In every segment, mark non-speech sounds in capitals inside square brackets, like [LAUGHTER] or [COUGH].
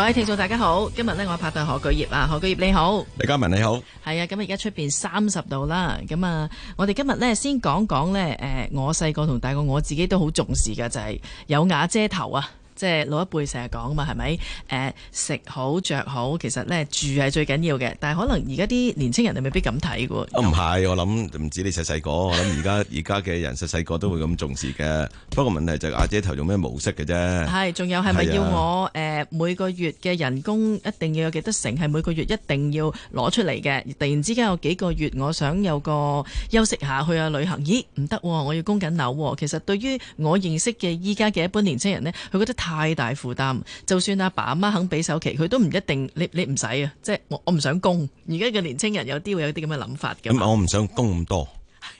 各位聽眾大家好，今日咧我拍檔何巨業啊，何巨業你好，李嘉文你好，係啊，咁啊而家出邊三十度啦，咁啊，我哋今日咧先講講咧，誒、呃，我細個同大個我自己都好重視㗎，就係、是、有瓦遮頭啊。即、就、係、是、老一輩成日講啊嘛，係咪？誒、呃、食好着好，其實咧住係最緊要嘅。但係可能而家啲年青人你未必咁睇嘅喎。唔係、啊，我諗唔止你細細個，我諗而家而家嘅人細細個都會咁重視嘅。 [LAUGHS] 不過問題就係、是、阿、啊、姐頭用咩模式嘅啫。係，仲有係咪要我誒、啊呃、每個月嘅人工一定要有幾多成係每個月一定要攞出嚟嘅？突然之間有幾個月我想有個休息下去啊旅行，咦唔得喎，我要供緊樓、啊。其實對於我認識嘅依家嘅一般年青人呢，佢覺得太大負擔，就算阿爸阿媽肯俾首期，佢都唔一定。你你唔使啊，即係我我唔想供。而家嘅年青人有啲會有啲咁嘅諗法嘅。咁我唔想供咁多，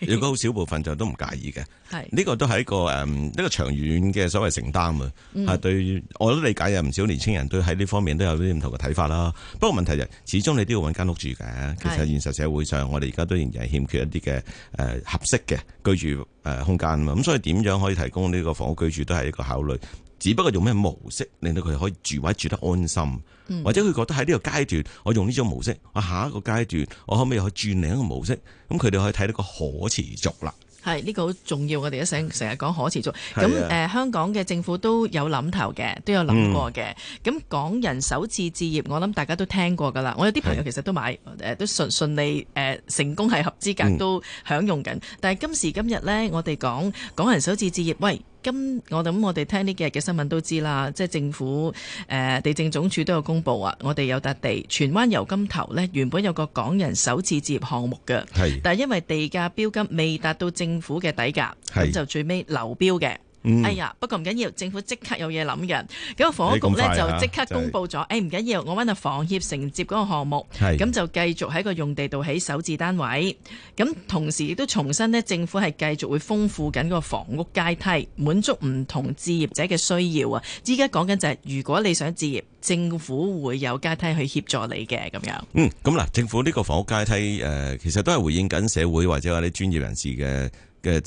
如果好少部分就都唔介意嘅。係呢個都係一個誒，呢個長遠嘅所謂承擔啊。係對，我都理解有唔少年青人都喺呢方面都有啲唔同嘅睇法啦。不過問題就係始終你都要揾間屋住嘅。其實現實社會上，我哋而家都仍然係欠缺一啲嘅誒合適嘅居住誒空間啊。咁所以點樣可以提供呢個房屋居住都係一個考慮。只不過用咩模式令到佢可以住位住得安心，或者佢覺得喺呢個階段，我用呢種模式，我下一個階段，我可唔可以去轉另一個模式，咁佢哋可以睇到個可持續啦。係呢、呢個好重要，我哋一成成日講可持續。咁、啊呃、香港嘅政府都有諗頭嘅，都有諗過嘅。咁、嗯、港人首次置業，我諗大家都聽過㗎啦。我有啲朋友其實都買都順利、呃、成功係合資格，都享用緊、嗯。但係今時今日呢，我哋講港人首次置業，喂。咁我諗我哋聽呢幾日嘅新聞都知啦，即係政府誒、呃、地政總署都有公布啊，我哋有笪地，荃灣油柑頭呢原本有個港人首次置業項目嘅，但係因為地價標金未達到政府嘅底價，咁就最尾流標嘅。嗯、哎呀，不過唔緊要，政府即刻有嘢諗嘅。咁個房屋局呢就即刻公布咗，誒唔緊要，我揾阿房協承接嗰個項目，咁就繼續喺個用地度起首置單位。咁同時亦都重申呢政府係繼續會豐富緊個房屋階梯，滿足唔同置業者嘅需要啊！依家講緊就係，如果你想置業，政府會有階梯去協助你嘅咁樣。嗯，咁嗱，政府呢個房屋階梯誒、呃，其實都係回應緊社會或者話啲專業人士嘅嘅。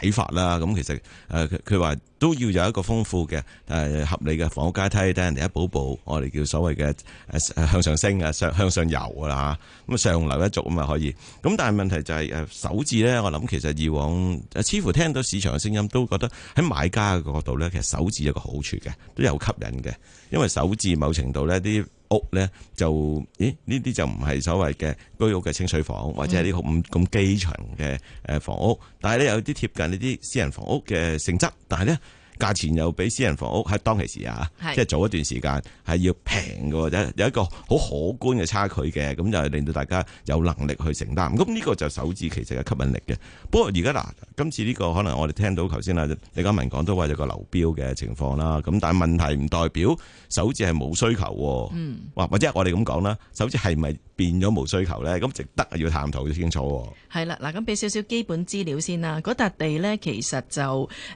睇法啦，咁其實誒佢佢話都要有一個豐富嘅誒合理嘅房屋階梯，等人哋一步一步，我哋叫所謂嘅向上升啊，上向上游噶啦咁上樓一族咁啊可以。咁但係問題就係誒首置咧，我諗其實以往似乎聽到市場嘅聲音，都覺得喺買家嘅角度咧，其實首置有個好處嘅，都有吸引嘅，因為首置某程度咧啲。屋咧就，咦？呢啲就唔係所謂嘅居屋嘅清水房，或者係呢個咁咁基層嘅誒房屋，但係咧有啲貼近呢啲私人房屋嘅性質，但係咧。價錢又比私人房屋喺當其時啊，即係早一段時間係要平嘅，有有一個好可觀嘅差距嘅，咁就係令到大家有能力去承擔。咁、這、呢個就首置其實係吸引力嘅。不過而家嗱，今次呢、這個可能我哋聽到頭先啊，李家文講都話有個流標嘅情況啦。咁但係問題唔代表首置係冇需求。嗯，或或者我哋咁講啦，首置係咪？變咗冇需求呢，咁值得要探討清楚。係啦，嗱，咁俾少少基本資料先啦。嗰笪地呢，其實就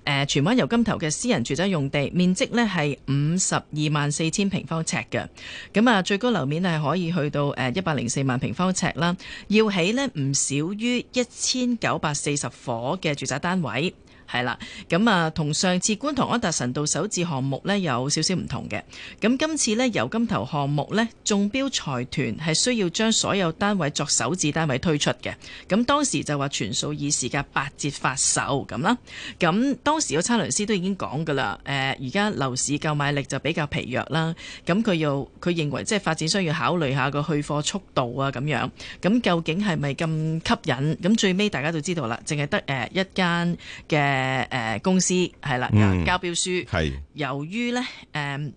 誒荃灣油柑頭嘅私人住宅用地，面積呢係五十二萬四千平方尺嘅。咁啊，最高樓面係可以去到誒一百零四萬平方尺啦。要起呢唔少於一千九百四十伙嘅住宅單位。係啦，咁啊，同上次觀塘安達臣道首置項目呢，有少少唔同嘅。咁今次呢，油柑頭項目呢，中標財團係需要將所有單位作首置單位推出嘅。咁當時就話全數以時價八折發售咁啦。咁當時個差餉司都已經講㗎啦。誒，而家樓市購買力就比較疲弱啦。咁佢又佢認為即係發展商要考慮下個去貨速度啊，咁樣。咁究竟係咪咁吸引？咁最尾大家都知道啦，淨係得誒一間嘅。誒誒，公司係啦，交標書。係由於咧，誒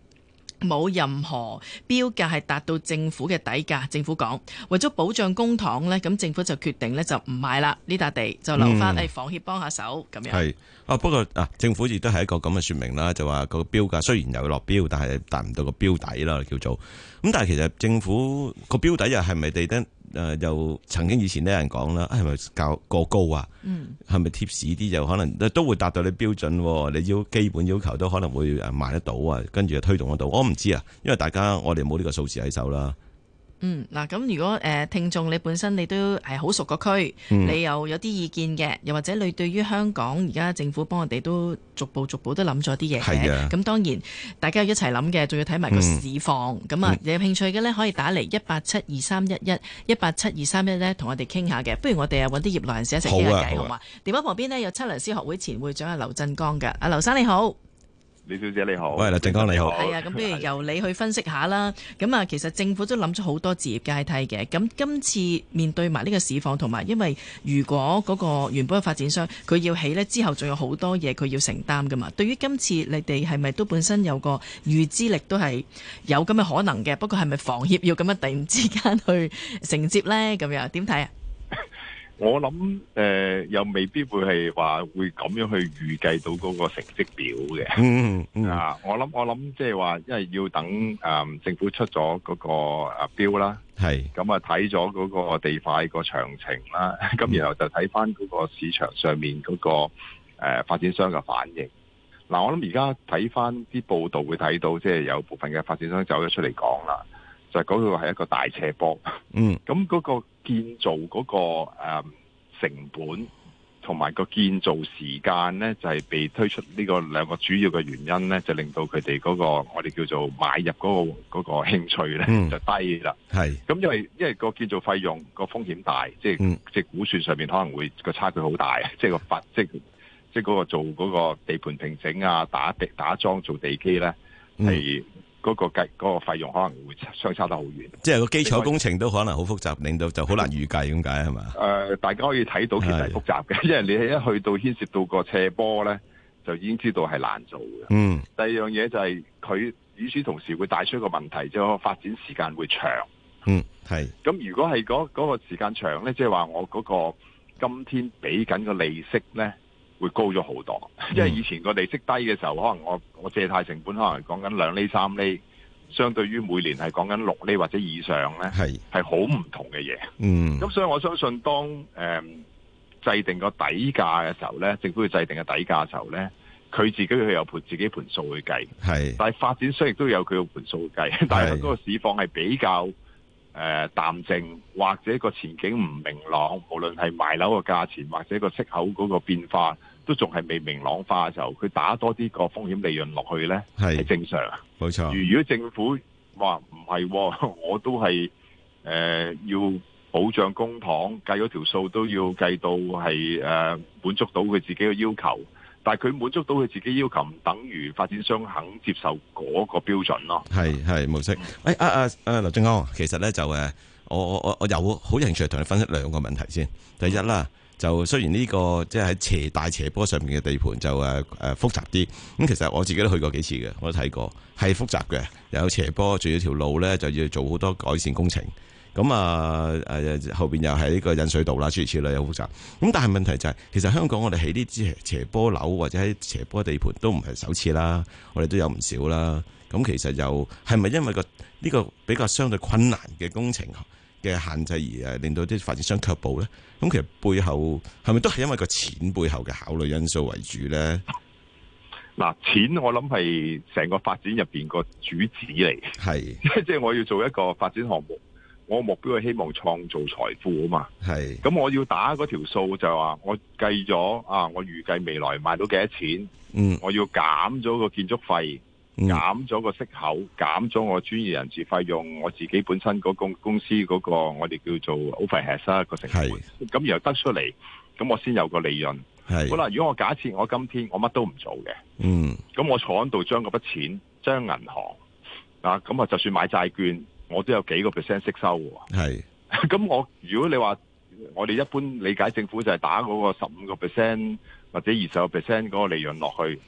冇任何標價係達到政府嘅底價。政府講為咗保障公帑咧，咁政府就決定咧就唔買啦呢笪地，就留翻誒房協幫下手咁樣。係啊，不過啊，政府亦都係一個咁嘅說明啦，就話個標價雖然有落標，但係達唔到個標底啦，叫做咁。但係其實政府個標底又係咪地得？誒，又曾經以前有人講啦，係咪較過高啊？嗯，係咪貼士啲就可能都會達到你標準，你要基本要求都可能會誒賣得到啊，跟住就推動得到。我唔知啊，因為大家我哋冇呢個數字喺手啦。嗯，嗱，咁如果誒、呃、聽眾你本身你都係好熟個區、嗯，你又有啲意見嘅，又或者你對於香港而家政府幫我哋都逐步逐步都諗咗啲嘢嘅，咁、啊、當然大家要一齊諗嘅，仲要睇埋個市況，咁、嗯、啊有興趣嘅咧可以打嚟187231一八七二三一一一八七二三一咧，同我哋傾下嘅，不如我哋啊揾啲業內人士一齊傾下偈好嘛、啊？電話旁邊呢，有測量師學會前會長阿劉振江㗎，阿劉生你好。李小姐你好，喂，劉振江你好，係啊，咁不如由你去分析下啦。咁啊，其實政府都諗咗好多置業階梯嘅。咁今次面對埋呢個市況，同埋因為如果嗰個原本嘅發展商佢要起呢，之後仲有好多嘢佢要承擔噶嘛。對於今次你哋係咪都本身有個預知力，都係有咁嘅可能嘅。不過係咪房協要咁樣突然之間去承接呢？咁樣點睇啊？我諗誒、呃，又未必會係話會咁樣去預計到嗰個成績表嘅。嗯 [LAUGHS] 啊，我諗我諗，即係話，因為要等誒、嗯、政府出咗嗰個誒標啦。係咁啊，睇咗嗰個地塊個詳情啦，咁然後就睇翻嗰個市場上面嗰、那個誒、呃、發展商嘅反應。嗱、啊，我諗而家睇翻啲報道會睇到，即、就、係、是、有部分嘅發展商走咗出嚟講啦，就嗰度係一個大斜坡。 [LAUGHS] [LAUGHS] 嗯，咁嗰、那個。建造嗰、那個、呃、成本同埋個建造時間咧，就係、是、被推出呢個兩個主要嘅原因咧，就令到佢哋嗰個我哋叫做買入嗰、那個嗰、那個、興趣咧就低啦。咁、嗯，因為因為個建造費用、那個風險大，即係即係估算上面可能會個差距好大，即係個發即係即嗰個做嗰個地盤平整啊、打地打樁做地基咧係。嗰、那個計嗰、那個、費用可能會相差得好遠，即係個基礎工程都可能好複雜，令到就好難預計。咁解係嘛？誒、呃，大家可以睇到其實係複雜嘅，因為你一去到牽涉到個斜坡咧，就已經知道係難做嘅。嗯，第二樣嘢就係佢與此同時會帶出一個問題，即、就、係、是、發展時間會長。嗯，係。咁如果係嗰嗰個時間長咧，即係話我嗰個今天俾緊個利息咧。會高咗好多，因為以前個利息低嘅時候，可能我我借貸成本可能講緊兩厘三厘，相對於每年係講緊六厘或者以上咧，係係好唔同嘅嘢。嗯，咁所以我相信當誒、呃、制定個底價嘅時候咧，政府要制定嘅底價嘅時候咧，佢自己去有盤自己盤數去計，係，但係發展商亦都有佢個盤數去計，但係嗰個市況係比較。誒、呃、淡靜，或者個前景唔明朗，無論係賣樓嘅價錢，或者個息口嗰個變化，都仲係未明朗化嘅時候，佢打多啲個風險利潤落去呢，係正常，冇錯。如果政府話唔係，我都係誒、呃、要保障公帑計咗條數，都要計到係誒、呃、滿足到佢自己嘅要求。但係佢滿足到佢自己要求，唔等於發展商肯接受嗰個標準咯。係係，冇錯。誒、哎、啊啊啊！劉振江其實咧就誒，我我我我有好興趣同你分析兩個問題先。第一啦、嗯這個，就雖然呢個即係喺斜大斜坡上面嘅地盤就誒誒、啊啊、複雜啲。咁、嗯、其實我自己都去過幾次嘅，我都睇過係複雜嘅，有斜坡，仲要條路咧就要做好多改善工程。咁啊誒，後邊又係呢個引水道啦，諸如此類又複雜。咁但係問題就係、是，其實香港我哋起啲斜斜坡樓或者喺斜坡地盤都唔係首次啦，我哋都有唔少啦。咁其實又係咪因為個呢個比較相對困難嘅工程嘅限制而誒，令到啲發展商卻步咧？咁其實背後係咪都係因為個錢背後嘅考慮因素為主咧？嗱，錢我諗係成個發展入邊個主旨嚟，係即係我要做一個發展項目。我目標係希望創造財富啊嘛，係，咁我要打嗰條數就係話，我計咗啊，我預計未來賣到幾多錢，嗯，我要減咗個建築費，減咗個息口，減咗我專業人士費用，我自己本身嗰公公司嗰個我哋叫做 overhead 啊個成本，咁然後得出嚟，咁我先有個利潤，係，好啦，如果我假設我今天我乜都唔做嘅，嗯，咁我坐喺度將嗰筆錢將銀行啊，咁啊就算買債券。我都有幾個 percent 息收喎，係，咁我如果你話我哋一般理解政府就係打嗰個十五個 percent 或者二十個 percent 嗰個利潤落去，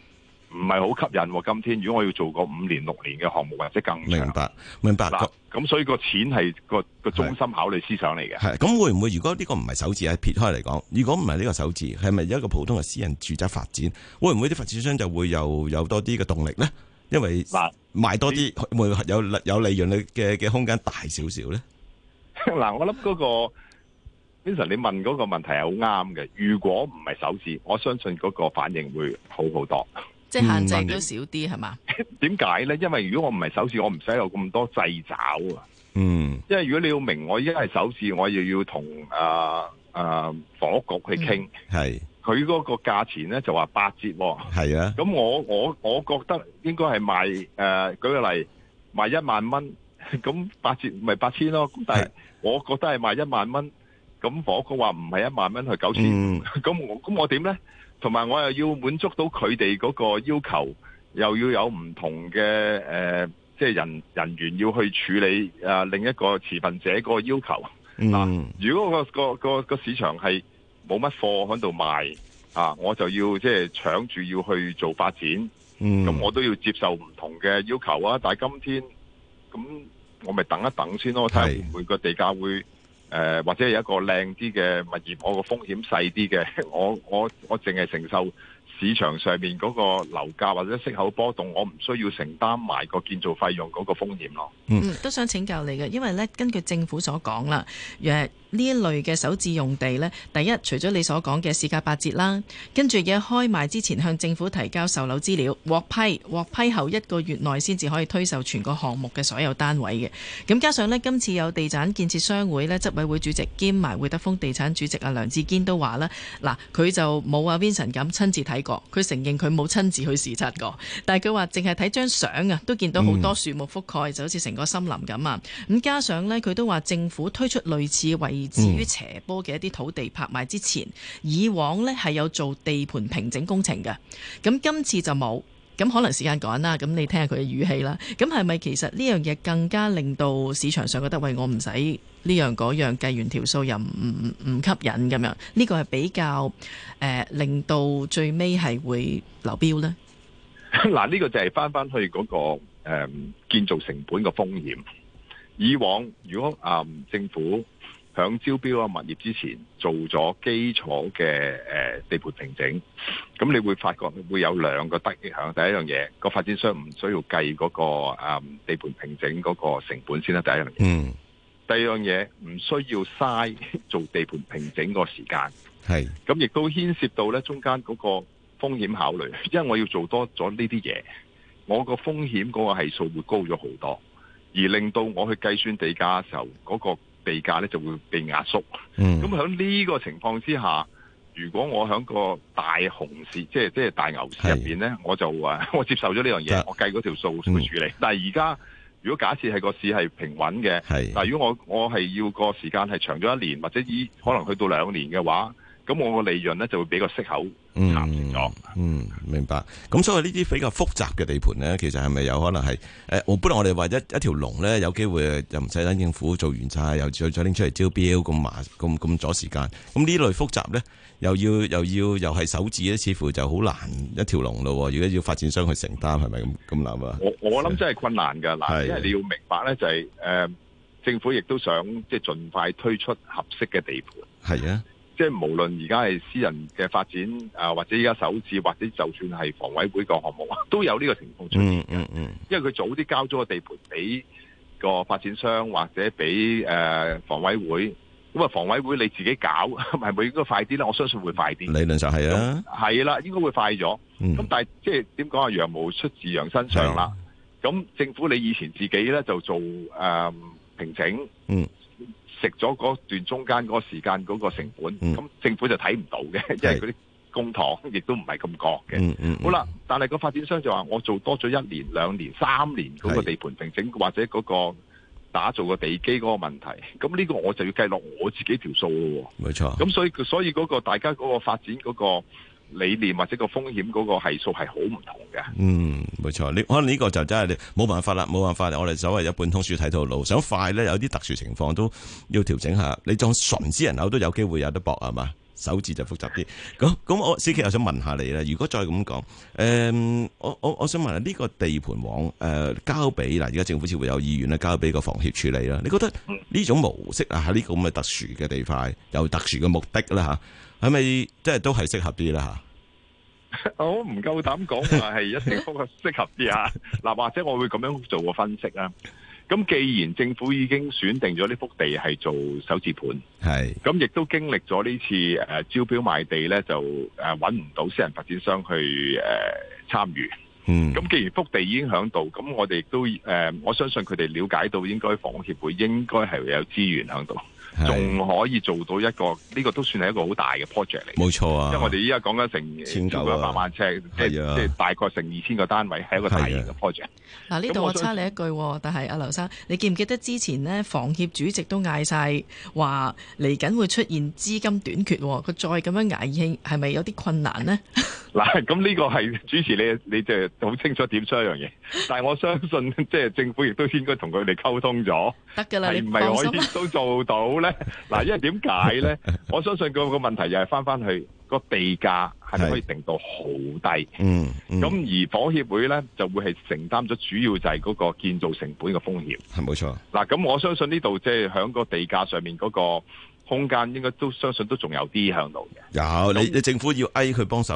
唔係好吸引。今天如果我要做個五年六年嘅項目或者更明白明白，咁所以錢個錢係個個中心考慮思想嚟嘅。係，咁會唔會如果呢個唔係首置，撇開嚟講，如果唔係呢個首置，係咪一個普通嘅私人住宅發展，會唔會啲發展商就會有有多啲嘅動力咧？因為賣多啲會有有利潤，你嘅嘅空間大少少咧？嗱，我諗嗰個 Vincent，你問嗰個問題係好啱嘅。如果唔係首次，我相信嗰個反應會好好多。即係限制都少啲係嘛？點解咧？因為如果我唔係首次，我唔使有咁多掣找啊。嗯，因為如果你要明，我依家係首次，我又要同啊啊房屋局去傾係。佢嗰個價錢咧就話八折、哦，喎。啊。咁我我我覺得應該係賣誒、呃，舉個例賣一萬蚊，咁八折咪八千咯。咁但係我覺得係賣一萬蚊，咁我個話唔係一萬蚊係九千。咁、嗯、我咁我點咧？同埋我又要滿足到佢哋嗰個要求，又要有唔同嘅誒，即、呃、係、就是、人人員要去處理啊、呃、另一個持份者個要求。嗯，啊、如果、那個個個個市場係。冇乜貨喺度賣啊！我就要即係搶住要去做發展，咁、嗯、我都要接受唔同嘅要求啊！但係今天咁，我咪等一等先咯，睇下每個地價會、呃、或者有一個靚啲嘅物業，我個風險細啲嘅，我我我淨係承受市場上面嗰個樓價或者息口波動，我唔需要承擔埋個建造費用嗰個風險咯。嗯，都想請教你嘅，因為呢，根據政府所講啦，呢一類嘅首置用地呢，第一除咗你所講嘅市價八折啦，跟住嘅開賣之前向政府提交售樓資料，獲批，獲批後一個月內先至可以推售全個項目嘅所有單位嘅。咁加上呢，今次有地產建設商會呢執委會主席兼埋會德豐地產主席阿梁志堅都話啦，嗱，佢就冇阿 Vincent 咁親自睇過，佢承認佢冇親自去視察過，但係佢話淨係睇張相啊，都見到好多樹木覆蓋、嗯，就好似成個森林咁啊。咁加上呢，佢都話政府推出類似為至於斜坡嘅一啲土地拍賣之前，嗯、以往呢係有做地盤平整工程嘅，咁今次就冇咁可能時間趕啦。咁你聽下佢嘅語氣啦。咁係咪其實呢樣嘢更加令到市場上覺得喂，我唔使呢樣嗰樣計完條數又唔唔吸引咁樣？呢個係比較誒、呃、令到最尾係會流標呢。嗱，呢個就係翻翻去嗰、嗰個誒、嗯、建造成本嘅風險。以往如果啊、嗯、政府。喺招標個物業之前做咗基礎嘅誒地盤平整，咁你會發覺會有兩個得益響。第一樣嘢，個發展商唔需要計嗰、嗰個誒地盤平整嗰個成本先啦。第一樣嘢、嗯，第二樣嘢唔需要嘥做地盤平整個時間。係咁，亦都牽涉到呢中間嗰個風險考慮，因為我要做多咗呢啲嘢，我個風險嗰個風險嗰個係數會高咗好多，而令到我去計算地價嘅時候嗰、嗰個。地價咧就會被壓縮，咁喺呢個情況之下，如果我喺個大熊市，即係即係大牛市入邊咧，我就話，我接受咗呢樣嘢，我計嗰條數會處理。嗯、但係而家如果假設係個市係平穩嘅，嗱，但如果我我係要個時間係長咗一年或者依可能去到兩年嘅話，咁我個利潤咧就會比較息口。嗯，嗯，明白。咁所以呢啲比較複雜嘅地盤咧，其實係咪有可能係誒，本來我哋話一一條龍咧，有機會又唔使等政府做完晒，又再再拎出嚟招標，咁麻，咁咁阻時間。咁呢類複雜咧，又要又要又係手指咧，似乎就好難一條龍咯。如果要發展商去承擔，係咪咁咁諗啊？我我諗真係困難噶。嗱，因為你要明白咧，就係誒，政府亦都想即係盡快推出合適嘅地盤。係啊。即係無論而家係私人嘅發展啊，或者而家首次，或者就算係房委會個項目啊，都有呢個情況出現嘅。嗯嗯嗯，因為佢早啲交咗個地盤俾個發展商或者俾誒、呃、房委會，咁啊房委會你自己搞係咪應該快啲咧？我相信會快啲。理論上係啊，係啦，應該會快咗。咁、嗯、但係即係點講啊？羊毛出自羊身上啦。咁政府你以前自己咧就做誒平整。嗯。食咗嗰段中間個時間嗰個成本，咁政府就睇唔到嘅，即係嗰啲公帑亦都唔係咁覺嘅。嗯，嗯，好啦，但係個發展商就話我做多咗一年、兩年、三年嗰個地盤平整，整或者嗰個打造個地基嗰個問題，咁呢個我就要計落我自己條數咯。喎。冇錯，咁所以，所以嗰個大家嗰個發展嗰個。理念或者個風險嗰個係數係好唔同嘅。嗯，冇錯，你可能呢個就真係你冇辦法啦，冇辦法，我哋所謂一本通書睇到路，想快咧有啲特殊情況都要調整下。你做純私人樓都有機會有得搏係嘛？手指就複雜啲。咁咁， [LAUGHS] 我、CK 我想問下你啦，如果再咁講，誒、嗯，我我我想問下呢、這個地盤往誒交俾嗱，而家政府似乎有意願咧，交俾個房協處理啦。你覺得呢種模式、嗯、啊，喺呢個咁嘅特殊嘅地塊，有特殊嘅目的啦吓？啊係咪即係都係適合啲啦？吓，我唔夠膽講話係一定適合啲吓。嗱， [LAUGHS] 或者我會咁樣做個分析啦。咁既然政府已經選定咗呢幅地係做首置盤，係咁亦都經歷咗呢次誒、呃、招標賣地咧，就誒揾唔到私人發展商去誒參與。嗯，咁既然幅地已經響度，咁我哋都誒，我相信佢哋了解到應該房協會應該係有資源響度。仲可以做到一個呢、這個都算係一個好大嘅 project 嚟，冇錯啊！因為我哋依家講緊成超過百萬尺，啊、即係是、啊、大概成二千個單位，係一個大型嘅 project。嗱、啊，呢度、啊、我差你一句，但係阿劉生，你記唔記得之前呢？房協主席都嗌晒話嚟緊會出現資金短缺，佢再咁樣壓應，係咪有啲困難呢？ [LAUGHS] 」嗱，咁呢個係主持你，你就好清楚點出一樣嘢。但係我相信，即、就、係、係、政府亦都應該同佢哋溝通咗，得㗎啦。係唔係可以都做到咧？嗱， [LAUGHS] 因為點解咧？ [LAUGHS] 我相信個個問題又係翻翻去個地價係咪可以定到好低？嗯，咁、嗯、而房協會咧就會係承擔咗主要就係嗰個建造成本嘅風險。係冇錯。嗱，咁我相信呢度即係喺個地價上面嗰、嗰個。空間應該都相信都仲有啲響度嘅。有你你政府要 A 佢幫手，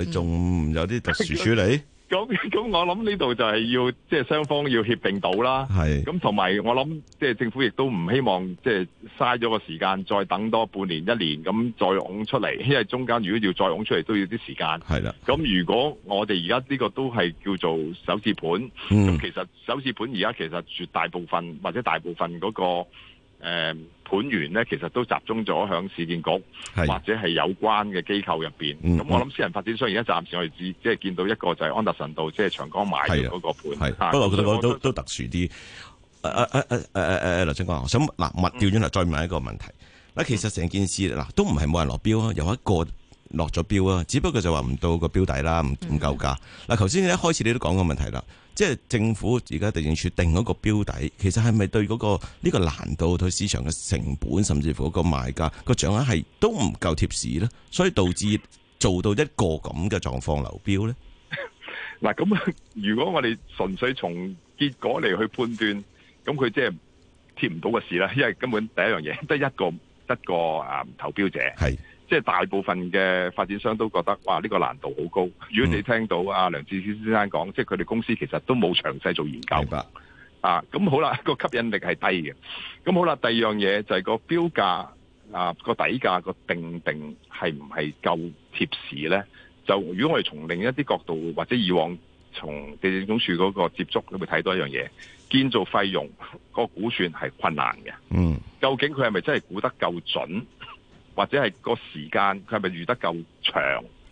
你仲有啲特殊處理。咁咁我諗呢度就係要即係雙方要協定到啦。係。咁同埋我諗即係政府亦都唔希望即係嘥咗個時間再等多半年一年咁再推出嚟，因為中間如果要再推出嚟都要啲時間。係啦。咁如果我哋而家呢個都係叫做首置盤，咁其實首置盤而家其實絕大部分或者大部分嗰個誒。盤源咧，其實都集中咗響市建局或者係有關嘅機構入邊。咁我諗私人發展商而家暫時我哋只即係見到一個就係安達臣道，即係長江買嗰個盤的的的。不過我覺得都都特殊啲。誒誒誒誒誒誒，劉振江，啊啊啊啊啊啊、想嗱物調轉嚟再問一個問題。嗱、嗯，其實成件事嗱都唔係冇人落標啊，有一個，落咗標啊，只不過就話唔到個標底啦，唔唔夠價。嗱、嗯，頭先你一開始你都講個問題啦，即係政府而家地政署定嗰個標底，其實係咪對嗰、那個呢、這個難度、對市場嘅成本，甚至乎個賣價個掌握係都唔夠貼市咧？所以導致做到一個咁嘅狀況流標咧。嗱，咁如果我哋純粹從結果嚟去判斷，咁佢即係貼唔到個市啦，因為根本第一樣嘢得一個得個啊投標者係。即係大部分嘅發展商都覺得，哇！呢個難度好高。如果你聽到阿梁志堅先生講，即係佢哋公司其實都冇詳細做研究。明白。啊，咁好啦，個吸引力係低嘅。咁好啦，第二樣嘢就係個標價啊，個底價個定定係唔係夠貼市咧？就如果我哋從另一啲角度或者以往從地政總署嗰個接觸，會睇到一樣嘢，建造費用個估算係困難嘅。嗯。究竟佢係咪真係估得夠準？或者係個時間，佢係咪預得夠長？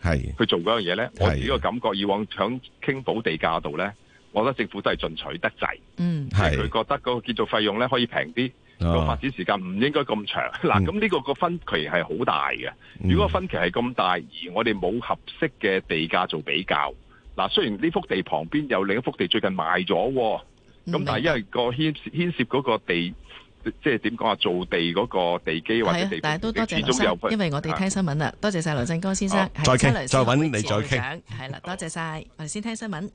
係佢做嗰樣嘢咧，我自己個感覺以往響傾補地價度咧，我覺得政府都係進取得滯。嗯，係佢覺得嗰個建造費用咧可以平啲，個、哦、發展時間唔應該咁長。嗱、嗯，咁呢個個分歧係好大嘅，嗯。如果分歧係咁大，而我哋冇合適嘅地價做比較。嗱、啊，雖然呢幅地旁邊有另一幅地最近賣咗，咁、嗯、但係因為個牽涉牽涉嗰個地。即係點講啊？造地嗰個地基或者地盤，建築之後，因為我哋聽新聞啦，多謝曬劉振江先生，係翻嚟先。再傾，再揾你再傾，係啦，多謝曬。我哋先聽新聞。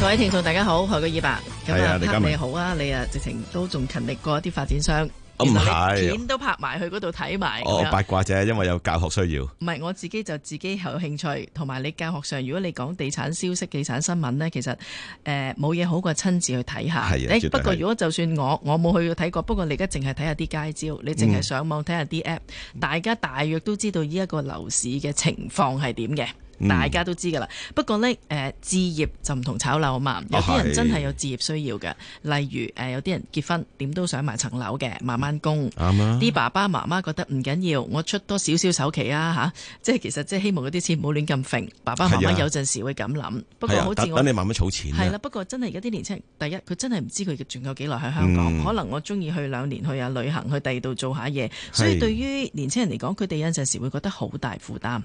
各位聽眾，大家好，何個二伯咁啊？黑你好啊，你啊直情都仲勤力過一啲發展商。唔係，片都拍埋去嗰度睇埋。哦，我八卦啫，因為有教學需要。唔係，我自己就自己有興趣，同埋你教學上，如果你講地產消息、地產新聞呢，其實誒冇嘢好過親自去睇下。係，絕對係。不過如果就算我，我冇去睇過，不過你而家淨係睇下啲街招，你淨係上網睇下啲 app，嗯，大家大約都知道呢一個樓市嘅情況係點嘅。嗯、大家都知噶啦，不過呢，誒、呃，置業就唔同炒樓啊嘛。有啲人真係有置業需要嘅，是例如誒、呃，有啲人結婚點都想買層樓嘅，慢慢供。啲、嗯啊、爸爸媽媽覺得唔緊要，我出多少少首期啊嚇，即係其實即係希望嗰啲錢唔好亂咁揈。爸爸媽媽有陣時會咁諗，啊、不過好似等、啊、你慢慢儲錢、啊。係啦、啊，不過真係而家啲年青人，第一佢真係唔知佢仲有幾耐喺香港。嗯、可能我中意去兩年去下旅行，去第二度做下嘢。所以對於年青人嚟講，佢哋有陣時會覺得好大負擔。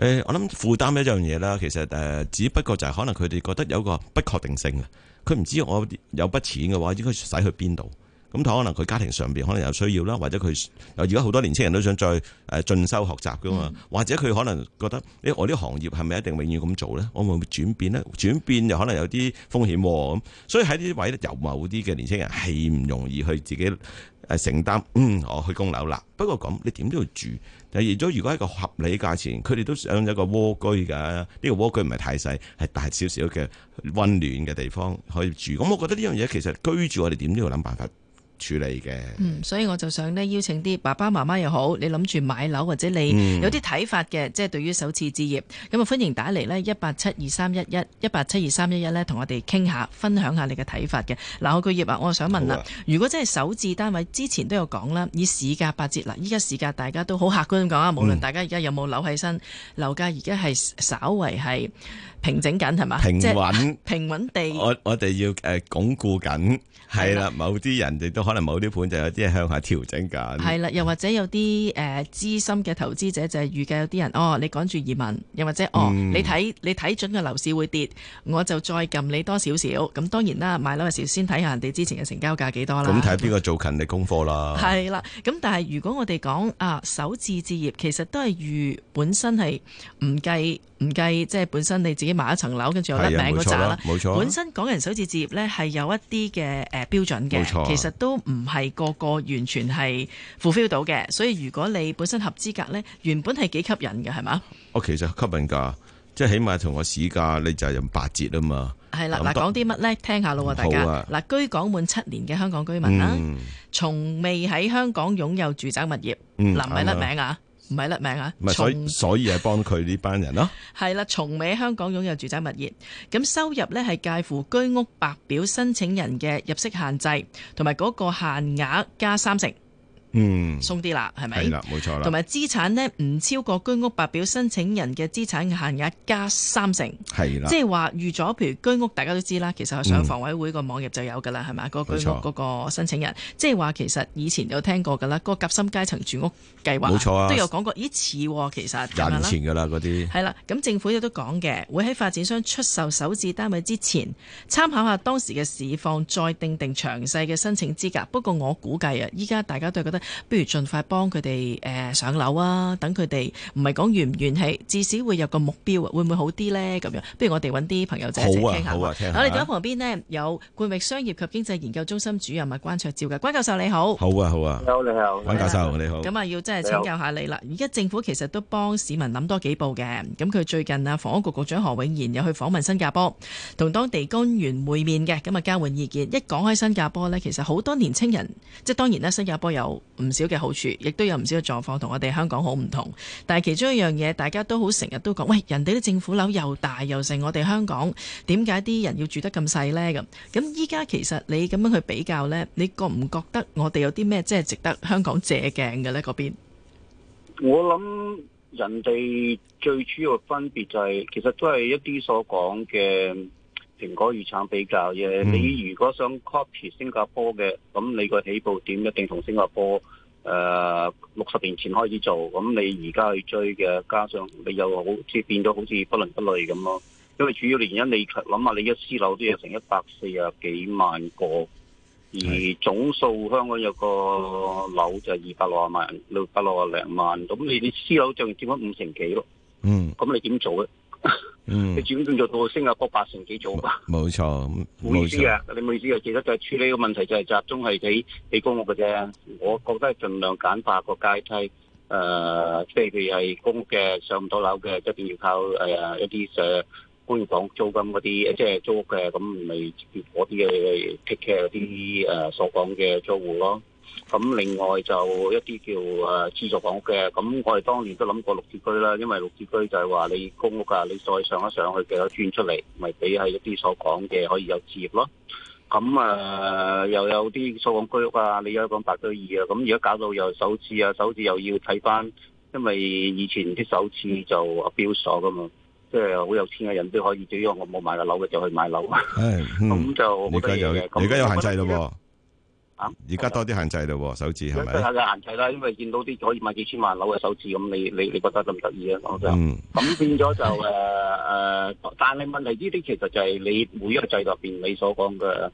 誒，我諗負擔一樣嘢啦，其實誒，只不過就係可能佢哋覺得有個不確定性啊，佢唔知我有筆錢嘅話應該使去邊度，咁可能佢家庭上邊可能有需要啦，或者佢而家好多年青人都想再誒進修學習噶嘛，或者佢可能覺得誒、欸、我啲行業係咪一定永遠咁做呢？我會唔會轉變呢？轉變就可能有啲風險咁，所以喺呢啲位咧，由某啲嘅年青人係唔容易去自己，係承擔，嗯，我去供樓啦。不過咁，你點都要住。就而咗，如果一個合理價錢，佢哋都想有一個蝸居㗎。呢個蝸居唔係太細，係大少少嘅温暖嘅地方可以住。咁我覺得呢樣嘢其實居住，我哋點都要諗辦法。處理嘅，嗯，所以我就想呢邀請啲爸爸媽媽又好，你諗住買樓或者你有啲睇法嘅，即、嗯、係、就是、對於首次置業，咁啊，歡迎打嚟，呢一八七二三一一一八七二三一一呢，同我哋傾下，分享下你嘅睇法嘅。嗱、啊，我句業啊，我想問啦、啊啊，如果真係首置單位，之前都有講啦，以市價八折嗱，依家市價，大家都好客觀咁講啊，無論大家而家有冇樓喺身，樓價而家係稍為係平整緊係嘛？平穩，就是、平穩地，我我哋要誒、呃、鞏固緊，係啦，某啲人哋都。可能某啲盤就有啲係向下調整㗎。係啦，又或者有啲誒、呃、資深嘅投資者就係預計有啲人哦，你趕住移民，又或者、嗯、哦，你睇你睇準嘅樓市會跌，我就再撳你多少少。咁當然啦，買樓嘅時先睇下人哋之前嘅成交價幾多啦。咁睇邊個做勤力功課啦？係啦，咁但係如果我哋講啊，首置置業其實都係預本身係唔計。唔計即係本身你自己買一層樓，跟住又甩名嗰扎啦。本身港人首次置業咧係有一啲嘅誒標準嘅、啊，其實都唔係個個完全係 fulfil 到嘅。所以如果你本身合資格咧，原本係幾吸引嘅，係嘛？我其實吸引㗎，即係起碼同我市價你就係八折啊嘛。係啦，嗱，講啲乜咧？聽下咯喎、啊，大家嗱，居港滿七年嘅香港居民啦、嗯，從未喺香港擁有住宅物業，唔、嗯、係甩名啊！唔係啦，名啊！唔係，所以所以係幫佢呢班人咯、啊。係 [LAUGHS] 啦，從未香港擁有住宅物業，咁收入咧係介乎居屋白表申請人嘅入息限制，同埋嗰個限額加三成。嗯，鬆啲啦，係咪？係啦，冇錯啦。同埋資產呢，唔超過居屋白表申請人嘅資產限額加三成。係啦，即係話預咗，譬如居屋，大家都知啦，其實上房委會個網頁就有噶啦，係、嗯、咪？那個居屋嗰個申請人，即係話其實以前有聽過噶啦，嗰、那個夾心階層住屋計劃，都、啊、有講過，咦似、喔、其實廿年前噶啦嗰啲。係啦，咁政府亦都講嘅，會喺發展商出售首置單位之前，參考下當時嘅市況，再訂定定詳細嘅申請資格。不過我估計啊，依家大家都覺得。不如盡快幫佢哋誒上樓啊！等佢哋唔係講願唔願起，至少會有個目標啊，會唔會好啲呢？咁樣不如我哋揾啲朋友仔、啊、一齊傾、啊、下。我哋而家旁邊呢，有冠域商業及經濟研究中心主任阿關焯照嘅。關教授你好。好啊，好啊。你好，你好，關教授你好。咁啊，要真係請教下你啦。而家政府其實都幫市民諗多幾步嘅。咁佢最近啊，房屋局局長何永賢又去訪問新加坡，同當地官員會面嘅。咁啊，交換意見。一講開新加坡呢，其實好多年青人，即係當然呢，新加坡有唔少嘅好處，亦都有唔少嘅狀況同我哋香港好唔同。但係其中一樣嘢，大家都好成日都講，喂，人哋啲政府樓又大又盛，我哋香港點解啲人要住得咁細呢？」咁咁依家其實你咁樣去比較呢，你覺唔覺得我哋有啲咩真係值得香港借鏡嘅呢？嗰邊我諗人哋最主要嘅分別就係，其實都係一啲所講嘅。蘋果與產比較嘅，你如果想 copy 新加坡嘅，咁你個起步點一定同新加坡誒六十年前開始做，咁你而家去追嘅，加上你又好似變咗好似不倫不類咁咯。因為主要原因，你諗下，你一私樓都要成一百四啊幾萬個，而總數香港有個樓就二百六十萬，六百六十零萬，咁你啲私樓就佔咗五成幾咯。嗯，咁你點做咧？嗯，你轉工作到新加坡八成幾做吧？冇錯，唔好意思啊！你唔好意思啊！就記得就係處理個問題就係集中係畀畀公屋嘅啫。我覺得係盡量簡化個階梯。誒，即係譬如係公屋嘅上唔到樓嘅，一定要靠誒一啲誒官房租金嗰啲，即係租屋嘅咁，咪嗰啲嘅 take care 嗰啲誒所講嘅租戶咯。咁另外就一啲叫誒資助房屋嘅，咁我哋當年都諗過綠置居啦，因為綠置居就係話你公屋啊，你再上一上去嘅轉出嚟，咪俾係一啲所講嘅可以有置業咯。咁誒、呃、又有啲所講居屋啊，你有講白居二啊，咁而家搞到又首次啊，首次又要睇返，因為以前啲首次就阿標所噶嘛，即係好有錢嘅人都可以，至於我冇買過樓嘅就去買樓。咁 [LAUGHS] 就而而家有限制嘞喎。而家多啲限制咯，首置係咪，嘅限制啦，因為見到啲可以買幾千萬樓嘅首置，咁你你你覺得得唔得意咧？我覺得嗯，咁變咗就誒誒，但係問題呢啲其實就係你每一個制度入邊你所講嘅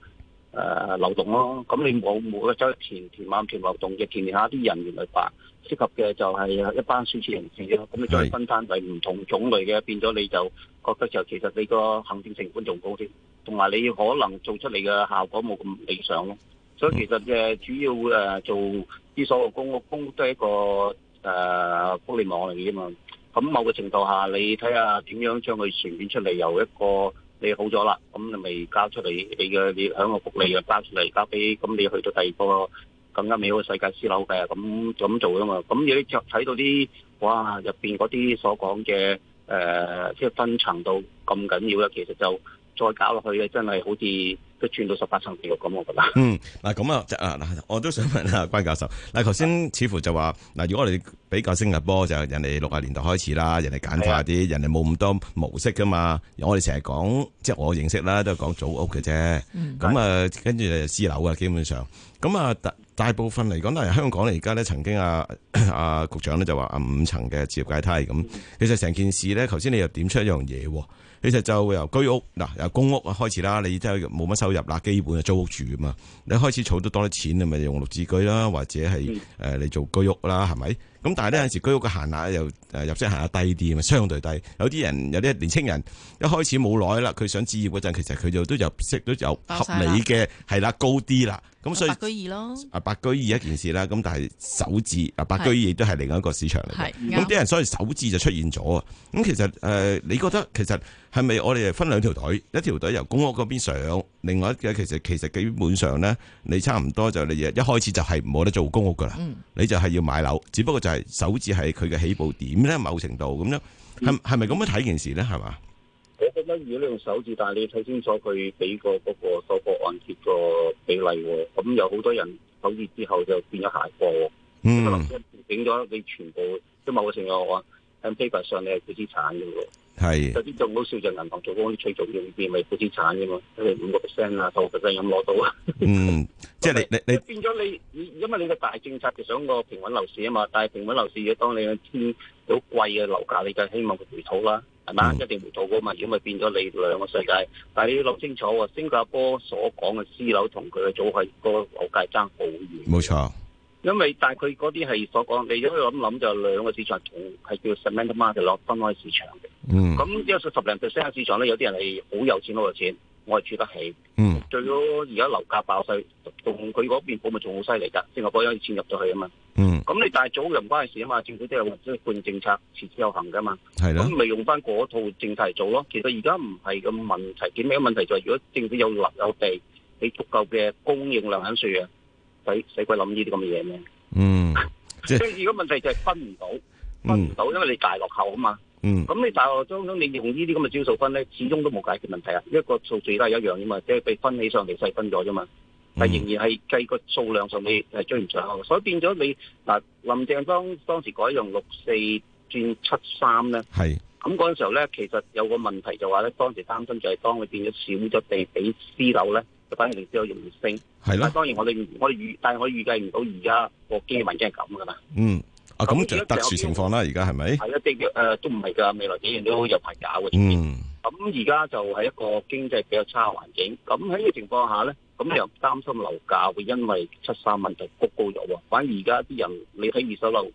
誒流動咯。咁你冇每個走去填填滿填流動嘅填下啲人員嚟辦，適合嘅就係一班宣泄人士咯。咁你再分單位唔同種類嘅，變咗你就覺得就其實你個行政成本仲高啲，同埋你可能做出嚟嘅效果冇咁理想咯。所以其實嘅主要誒做啲所謂公屋，公屋都係一個誒福利網嚟嘅啫嘛。咁某個程度下，你睇下點樣將佢全染出嚟，由一個你好咗啦，咁你咪交出嚟你嘅，你喺個福利又交出嚟交俾，咁你去到第二個更加美好嘅世界私樓嘅咁咁做啫嘛。咁有啲睇到啲，哇入面嗰啲所講嘅誒，即係分層到咁緊要嘅，其實就～再搞落去嘅真係好似都轉到十八層地獄咁，我覺得。嗯，嗱咁啊，啊嗱，我都想問下關教授，嗱，頭先似乎就話嗱，如果我哋比較新加坡就是、人哋六十年代開始啦，人哋簡化啲，人哋冇咁多模式噶嘛，我哋成日講即係我認識啦，都係講祖屋嘅啫。咁、嗯、啊，跟住私樓啊，基本上，咁啊大大部分嚟講都係香港而家咧，曾經啊啊局長咧就話啊五層嘅置業階梯咁，其實成件事咧，頭先你又點出一樣嘢？其實就由居屋，嗱，由公屋開始啦，你即係冇乜收入啦，基本就租屋住啊嘛。你開始儲得多啲錢，咪用綠置居啦，或者係誒嚟做居屋啦，係咪？咁但係呢陣時居屋嘅限額，又誒入息限額低啲啊嘛，相對低。有啲人有啲年青人一開始冇耐啦，佢想置業嗰陣，其實佢就都入息都有合理嘅係啦，高啲啦。咁所以白居二咯，啊，白居二一件事啦，咁但係首置啊，白居二都係另一個市場嚟，咁啲人所謂首置就出現咗啊，咁其實誒、呃、你覺得其實係咪我哋分兩條隊，一條隊由公屋嗰邊上，另外一嘅其實其實基本上咧，你差唔多就你一一開始就係冇得做公屋噶啦，嗯、你就係要買樓，只不過就係首置係佢嘅起步點咧，某程度咁樣，係係咪咁樣睇件事咧，係嘛？我覺得如果你用手指，但係你要睇清楚佢俾個嗰個首個按揭個比例，咁有好多人手指之後就變咗下個，嗯，整咗你，你全部即某個情況下話，因為我成個按喺 paper 上你係負資產嘅喎，係有啲仲好笑就銀行做嗰啲吹造，用變咪負資產啫嘛，因為五個 percent 啊，十個 percent 咁攞到啊，嗯，即係你你你，你變咗你，因為你個大政策就想個平穩樓市啊嘛，但係平穩樓市要當你嘅。好貴嘅樓價，你梗係希望佢回吐啦，係、嗯、咪？一定回吐噶嘛，如果咪變咗你兩個世界。但係你要諗清楚喎，新加坡所講嘅私樓同佢嘅組係、嗰個樓價爭好遠。冇錯，因為但係佢嗰啲係所講，你如果咁諗就兩個市場同係叫 segment market 分開市場嘅。嗯。咁有十十零 percent 市場咧，有啲人係好有錢好有錢。我係住得起，嗯，最多而家樓價爆晒，仲佢嗰邊保密仲好犀利㗎？新加坡有錢入咗去啊嘛，嗯，咁你大早又唔關事啊嘛？政府都有即係換政策，持之有恆㗎嘛，係咯，咁咪用翻嗰套政策做咯。其實而家唔係咁問題，點咩問題就係、是、如果政府有樓有地，你足夠嘅供應量喺度嘅，使使鬼諗呢啲咁嘅嘢咩？嗯， [LAUGHS] 即係而家問題就係分唔到，分唔到、嗯，因為你大落後啊嘛。嗯，咁你大話當中你用呢啲咁嘅招數分咧，始終都冇解決問題啊！一個數字都係一樣啫嘛，即係被分起上嚟細分咗啫嘛，但仍然係計個數量上面係追唔上嘅，所以變咗你嗱林鄭當當時改用六四轉七三咧，係咁嗰陣時候咧，其實有個問題就話咧，當時擔心就係當佢變咗少咗地俾私樓咧，就反而令到個容易升係啦。當然我哋我預但係我預計唔到而家個經濟環境係咁噶嘛。嗯。啊，咁就特殊情況啦，而家係咪？係一啲誒，都唔係噶，未來幾年都有排搞嘅。嗯，咁而家就係一個經濟比較差嘅環境。咁喺呢個情況下咧，咁你又擔心樓價會因為七三問題谷高咗。反而而家啲人，你喺二手樓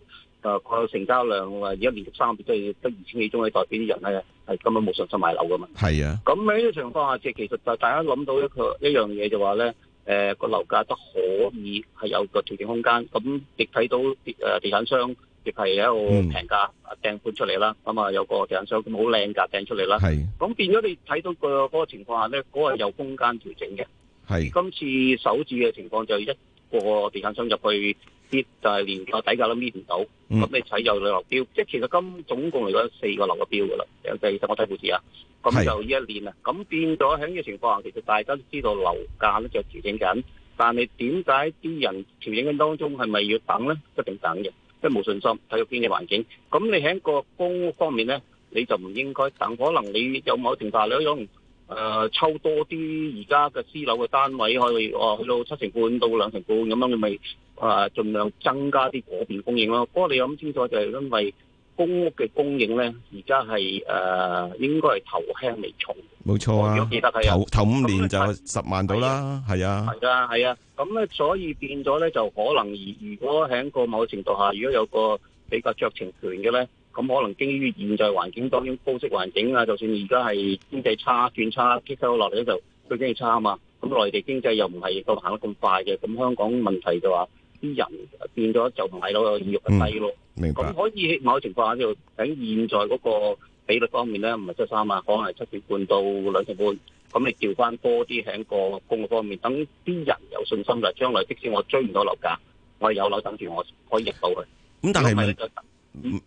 誒，個成交量啊，連續三月都係得二千幾宗，係代表啲人咧係根本冇信心買樓噶嘛。係啊，咁喺呢個情況下，即係其實就大家諗到一個一樣嘢就話咧。誒、呃，那個樓價都可以係有個調整空間，咁亦睇到誒地、呃、地產商亦係一個平價訂盤出嚟啦，咁啊有個地產商咁好靚價訂出嚟啦，咁變咗你睇到，那個、那個情況下咧，嗰，那個係有空間調整嘅。係今次首置嘅情況就一、是。個地產商入去搣，就係連個底價都搣唔到，咁你睇有兩樓標，即係其實今總共嚟講四個樓嘅標噶啦。第二集我睇數字啊，咁就呢一年啊，咁變咗喺呢個情況下，其實大家都知道樓價咧就調整緊，但係點解啲人調整緊當中係咪要等咧？一定等嘅，即係冇信心，睇個經濟環境。咁你喺個供方面咧，你就唔應該等，可能你有某一定壓力都唔。誒抽多啲而家嘅私樓嘅單位，可以哦去到七成半到兩成半咁樣，你咪誒盡量增加啲嗰邊供應咯。不過你諗清楚，就係因為公屋嘅供應咧，而家係誒應該係頭輕尾重，冇錯啊。我記得係啊，頭頭五年就十萬到啦，係啊，係啊，係啊。咁咧，所以變咗咧，就可能如如果喺個某程度下，如果有個比較酌情權嘅咧。咁可能基於現在環境，當然高息環境啊。就算而家係經濟差、轉差、跌咗落嚟就就經濟差啊嘛。咁內地經濟又唔係到行得咁快嘅，咁香港問題就話啲人變咗就唔係攞意欲咁低咯、嗯。明白。咁可以某個情況下就喺現在嗰個比率方面咧，唔係七三啊，可能係七點半到兩點半。咁你調翻多啲喺個供嘅方面，等啲人有信心就將來即使我追唔到樓價，我有樓等住，我可以入到去。咁、嗯、但係。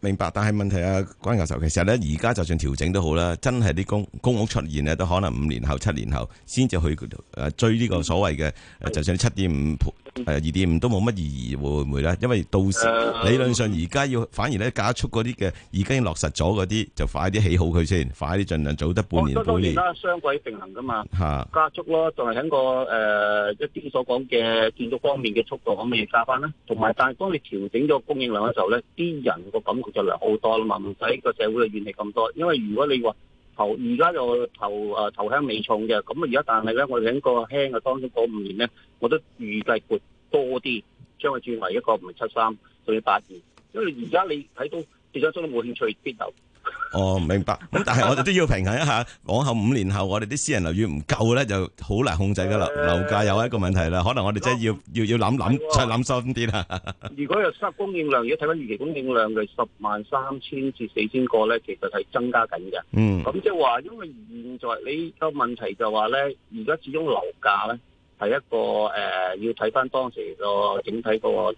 明白，但係問題啊，關教授，其實呢，而家就算調整都好啦，真係啲公公屋出現呢，都可能五年後、七年後先至去追呢個所謂嘅，嗯、就算七點五倍。係呀，二點五都冇乜意義，會唔會咧？因為到時理論上而家要反而咧加速嗰啲嘅，已經落實咗嗰啲，就快啲起好佢先，快啲盡量早得半年到、年、嗯、啦，雙軌並行噶嘛，加速咯，就係喺個誒一啲所講嘅建築方面嘅速度，咁你加翻啦。同埋但係當你調整咗供應量嘅時候咧，啲人個感覺就良好多啦嘛，唔使個社會嘅怨氣咁多。因為如果你話，頭而家就頭誒頭輕尾重嘅，咁啊而家但係咧，我哋喺個輕嘅當中嗰五年咧，我都預計撥多啲，將佢轉為一個唔係七三，仲要八二，因為而家你睇到其實中都冇興趣跌頭。 [LAUGHS] 哦，明白。咁但係我哋都要平衡一下， [LAUGHS] 往後五年後我哋啲私人樓宇唔夠咧，就好難控制噶啦。樓、呃、價又係一個問題啦，可能我哋真係要、嗯、要要諗諗、嗯，再諗深啲啦。如果有新供應量，如果睇翻預期供應量嘅十萬三千至四千個咧，其實係增加緊嘅。嗯，咁即係話，因為現在你個問題就話咧，而家始終樓價咧。係一個誒、呃，要睇翻當時個整體、嗰個誒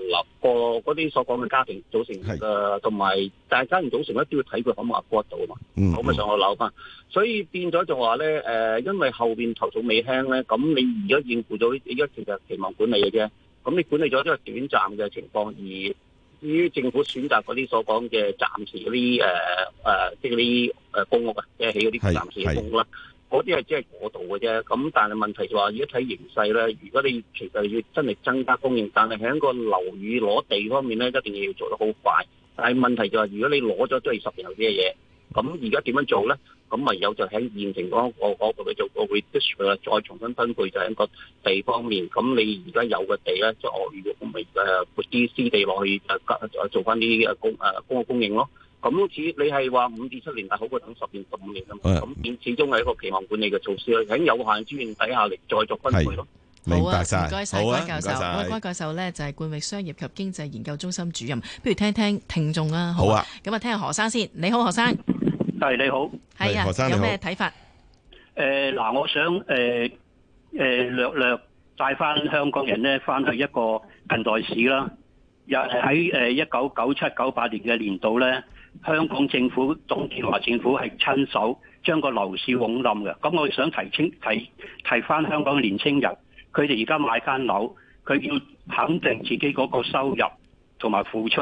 立個嗰啲所講嘅家庭組成嘅，同埋大家庭組成，一都要睇佢喺乜骨度啊嘛，好、嗯、咪、嗯、上去樓翻，所以變咗就話咧，誒、呃，因為後邊投訴未輕咧，咁你而家應付咗呢而家其實期望管理嘅啫，咁你管理咗呢個短暫嘅情況，而至於政府選擇嗰啲所講嘅暫時嗰啲誒誒，即係啲誒公屋啊，即係起嗰啲暫時嘅公屋啦。嗰啲係只係嗰度嘅啫，咁但係問題就話，如果睇形勢咧，如果你其實要真係增加供應，但係喺個樓宇攞地方面咧，一定要做得好快。但係問題就係，如果你攞咗都係十年後啲嘢，咁而家點樣做咧？咁咪有就喺現成嗰個嗰個嘅做個 reduction 啊，再重新分配就喺個地方面。咁你而家有嘅地咧，即係外域，我咪誒撥啲私地落去誒，再做翻呢啲誒供誒供應咯。咁好似你係話五至七年，但好過等十年十五年咁，咁變始終係一個期望管理嘅措施，喺有限資源底下嚟再作分配咯。明白晒，唔該晒關教授。關教授咧就係冠域商業及經濟研究中心主任。不如聽聽聽眾啊。好啊。咁啊，聽下何生先。你好，何生。係你好。係啊。何生你好。有咩睇法？誒嗱，我想誒誒略略帶翻香港人咧，翻去一個近代史啦。又喺誒一九九七九八年嘅年度咧。香港政府董建華政府係親手將個樓市往冧嘅，咁我想提清提提翻香港年青人，佢哋而家買間樓，佢要肯定自己嗰個收入同埋付出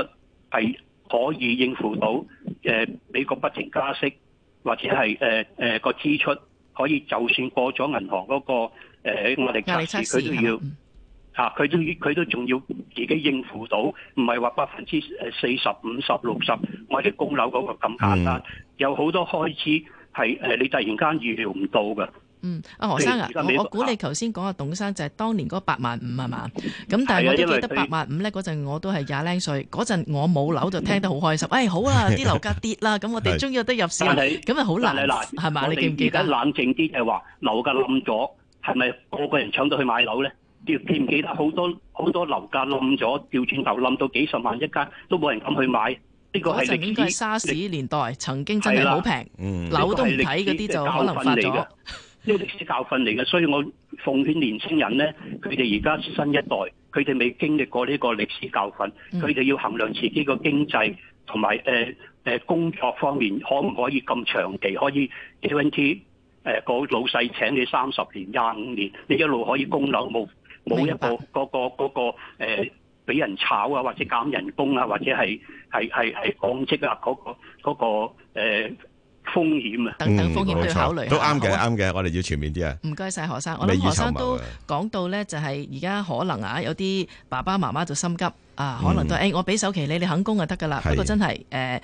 係可以應付到，誒美國不停加息或者係誒誒個支出可以就算過咗銀行嗰、那個誒、呃，我哋測試佢都要。啊！佢都佢都仲要自己應付到，唔係話百分之四十五十六十，或者供樓嗰個咁簡單。有好多開始係你突然間預料唔到㗎。嗯，阿、啊、何生啊，我估、啊、你頭先講阿董生就係當年嗰八萬五係嘛？咁、嗯、但係我，我都記得八萬五咧，嗰陣我都係廿零歲，嗰陣我冇樓就聽得好開心。誒、嗯哎、好啊，啲樓價跌啦，咁 [LAUGHS] 我哋終於有得入市，咁啊好難係嘛？你記唔記得？而家冷靜啲就係話樓價冧咗，係咪個個人搶到去買樓咧？記唔記得好多好多樓價冧咗，調轉頭冧到幾十萬一間，都冇人敢去買。呢、呢個係歷史。嗰陣應該沙士年代曾經真係好平，樓都睇嗰啲就可能嚟嘅，呢個歷史教訓嚟㗎，所以我奉勸年青人咧，佢哋而家新一代，佢哋未經歷過呢個歷史教訓，佢、嗯、哋要衡量自己個經濟同埋誒誒工作方面可唔可以咁長期可以 A N T 誒個老細請你三十年、廿五年，你一路可以供樓冇？嗯冇一個嗰個嗰個誒，俾人炒啊，或者減人工啊，或者係係係係降職啊，嗰個嗰個誒風險啊，等等風險都要考慮。都啱嘅，啱嘅，我哋要全面啲啊。唔該曬何生，我諗何生都講到咧，就係而家可能啊，有啲爸爸媽媽就心急啊，可能都誒我俾首期你，你肯供就得㗎啦。不過真係誒。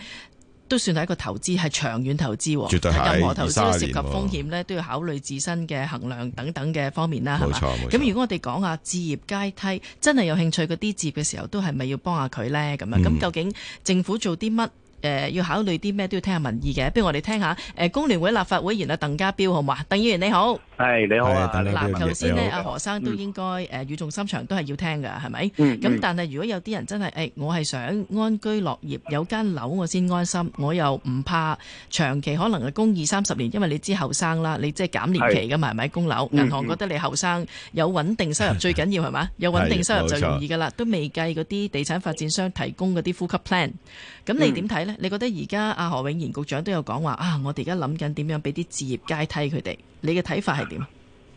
都算係一個投資，係長遠投資。絕對係任何投資涉及風險咧，都要考慮自身嘅衡量等等嘅方面啦，係嘛？咁如果我哋講下置業階梯，真係有興趣嗰啲置業嘅時候，都係咪要幫下佢咧？咁、嗯、啊？咁究竟政府做啲乜？誒、呃，要考慮啲咩都要聽下民意嘅。不如我哋聽下，誒，工聯會立法會議員啊，鄧家彪，好唔好？鄧議員你好。係你好啊，嗱、啊，頭先呢，阿、啊、何生都應該誒、嗯、語重心長，都係要聽嘅，係咪？咁、嗯、但係如果有啲人真係誒、哎，我係想安居樂業，有間樓我先安心，我又唔怕長期可能係供二三十年，因為你知後生啦，你即係減年期嘅嘛，係咪？供樓、嗯、銀行覺得你後生有穩定收入 [LAUGHS] 最緊要係嘛？有穩定收入就容易㗎啦，都未計嗰啲地產發展商提供嗰啲呼吸 plan，咁你點睇呢、嗯？你覺得而家阿何永賢局長都有講話啊，我哋而家諗緊點樣俾啲置業階梯佢哋，你嘅睇法係？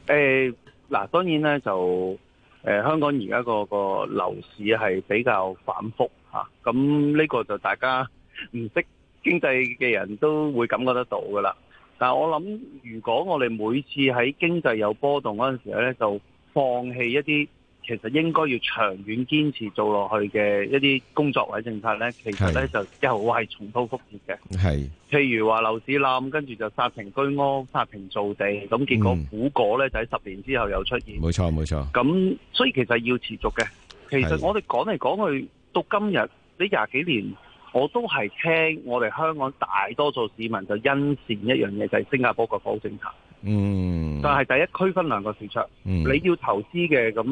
誒，嗱，當然咧就誒、呃，香港而家個個樓市係比較反覆吓，咁、啊、呢個就大家唔識經濟嘅人都會感覺得到噶啦。但係我諗，如果我哋每次喺經濟有波動嗰陣時候咧，就放棄一啲。其實應該要長遠堅持做落去嘅一啲工作或者政策呢，其實呢就又係重蹈覆轍嘅。係，譬如話樓市冧，跟住就殺停居屋、殺停造地，咁結果苦果呢，就喺十年之後又出現。冇錯冇錯。咁所以其實要持續嘅。其實我哋講嚟講去到今日呢廿幾年，我都係聽我哋香港大多數市民就欣羨一樣嘢，就係、是、新加坡個房政策。嗯，但係第一區分兩個市場，嗯、你要投資嘅咁，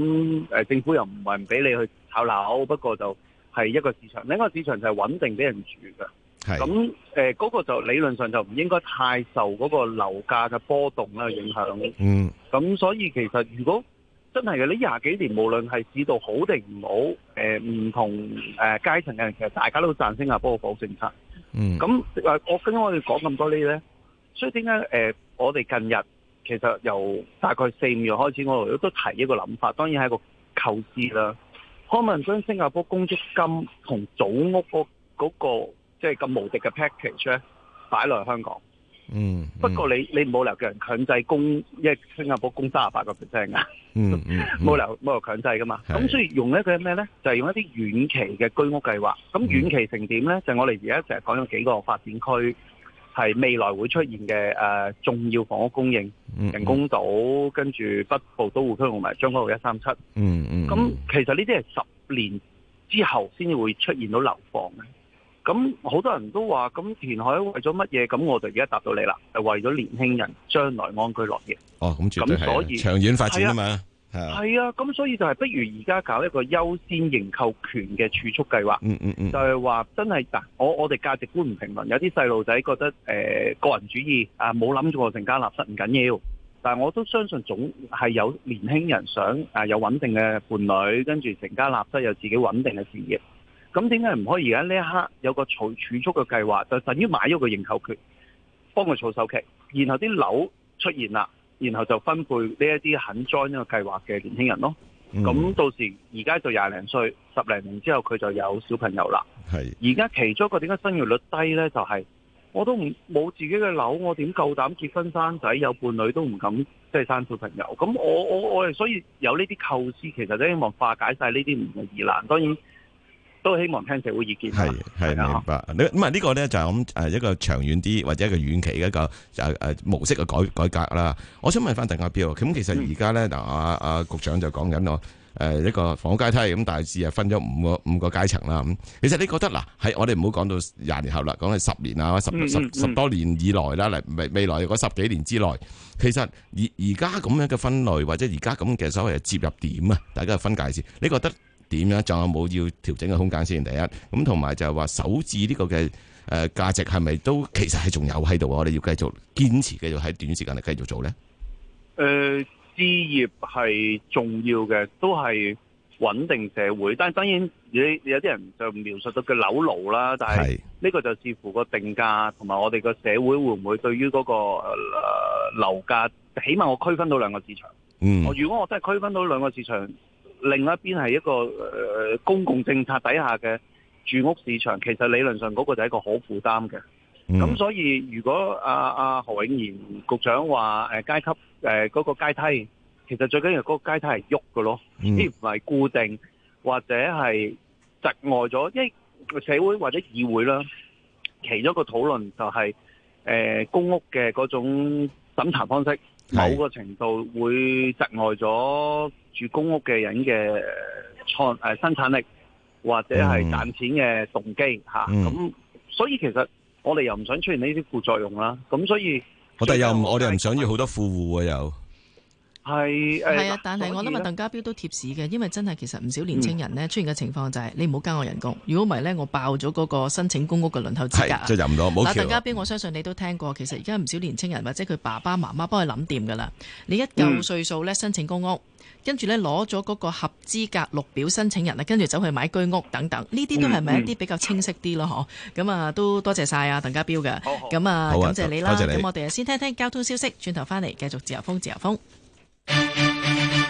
誒政府又唔係唔俾你去炒樓，不過就係一個市場，另一個市場就係穩定俾人住嘅。係，咁誒、呃嗰個就理論上就唔應該太受嗰個樓價嘅波動啦影響。嗯，咁所以其實如果真係嘅呢廿幾年，無論係市道好定唔好，誒、呃、唔同誒階層嘅人其實大家都讚新加坡保政策。嗯，咁誒我跟我哋講咁多呢咧？所以點解誒？我哋近日其實由大概四五月開始，我哋都提一個諗法，當然係一個構思啦。可唔可以將新加坡公積金同組屋嗰、嗰個即係咁無敵嘅 package 咧擺落嚟香港嗯？嗯。不過你你冇理由叫人強制供，因為新加坡供三十八個 percent 噶，嗯嗯，冇 [LAUGHS] 理由冇理由強制噶嘛。咁所以用一個咩咧？就係、係、用一啲遠期嘅居屋計劃。咁遠期成點咧、嗯？就係、我哋而家成日講咗幾個發展區。係未來會出現嘅誒、呃、重要房屋供應，嗯嗯、人工島跟住北部都會區同埋將軍澳一三七。嗯嗯，咁其實呢啲係十年之後先至會出現到樓房嘅。咁好多人都話，咁填海為咗乜嘢？咁我就而家答到你啦，係為咗年輕人將來安居樂業。哦，咁、嗯、絕對係，所以長遠發展啊嘛。係啊，咁所以就係不如而家搞一個優先認購權嘅儲蓄計劃，嗯嗯嗯，就係、是、話真係，我我哋價值觀唔評論，有啲細路仔覺得誒、呃、個人主義啊，冇諗住成家立室唔緊要，但係我都相信總係有年輕人想啊有穩定嘅伴侶，跟住成家立室有自己穩定嘅事業，咁點解唔可以而家呢一刻有個儲儲蓄嘅計劃，就等於買咗個認購權，幫佢儲首期，然後啲樓出現啦。然後就分配呢一啲肯 join 呢個計劃嘅年輕人咯，咁、嗯、到時而家就廿零歲，十零年之後佢就有小朋友啦。係而家其中一個點解生育率低呢？就係、是、我都唔冇自己嘅樓，我點夠膽結婚生仔？有伴侶都唔敢即係、就是、生小朋友。咁我我我，所以有呢啲構思，其實都希望化解晒呢啲唔同疑難。當然。都希望聽社會意見。係係明白，咁啊呢個咧就係咁誒，一個長遠啲或者一個遠期嘅一個就誒模式嘅改改革啦。我想問翻鄧家彪，咁其實而家咧嗱，阿、嗯、阿、啊、局長就講緊我誒一個房屋階梯咁，大致啊分咗五個五個階層啦。咁、嗯、其實你覺得嗱，喺、啊、我哋唔好講到廿年後啦，講係十年啊，十十、嗯嗯、十多年以來啦，未未來嗰十幾年之內，其實而而家咁樣嘅分類或者而家咁嘅所謂嘅接入點啊，大家嘅分界線，你覺得？點樣仲有冇要調整嘅空間先？第一，咁同埋就係話，首置呢個嘅誒價值係咪都其實係仲有喺度？我哋要繼續堅持，繼續喺短時間嚟繼續做咧。誒、呃，置業係重要嘅，都係穩定社會。但係當然有有啲人就不描述到叫樓奴啦。但係呢個就視乎個定價同埋我哋個社會會唔會對於嗰、那個誒樓價，起碼我區分到兩個市場。嗯，如果我真係區分到兩個市場。另一邊係一個誒公共政策底下嘅住屋市場，其實理論上嗰個就係一個可負擔嘅。咁所以如果阿阿何永賢局長話誒階級誒嗰個階梯，其實最緊要嗰個階梯係喐㗎囉，呢啲唔係固定或者係窒礙咗，因為社會或者議會啦，其中一個討論就係誒公屋嘅嗰種審查方式，某個程度會窒礙咗。住公屋嘅人嘅創誒生產力或者係賺錢嘅動機吓咁，所以其實我哋又唔想出現呢啲副作用啦。咁所以我哋又我哋又唔想要好多富戶又係係啊。但係我諗阿鄧家彪都貼士嘅，因為真係其實唔少年青人咧出現嘅情況就係你唔好加我人工，如果唔係咧我爆咗嗰個申請公屋嘅輪候資格，即係入唔到。嗱，鄧家彪，我相信你都聽過，其實而家唔少年青人或者佢爸爸媽媽幫佢諗掂噶啦。你一夠歲數咧申請公屋。跟住咧攞咗嗰個合資格綠表申請人咧，跟住走去買居屋等等，呢啲都係咪一啲比較清晰啲咯？嗬、嗯，咁、嗯、啊都多謝晒啊，鄧家彪嘅。咁啊，啊感，多謝你啦。咁我哋先聽聽交通消息，轉頭翻嚟繼續自由風，自由風。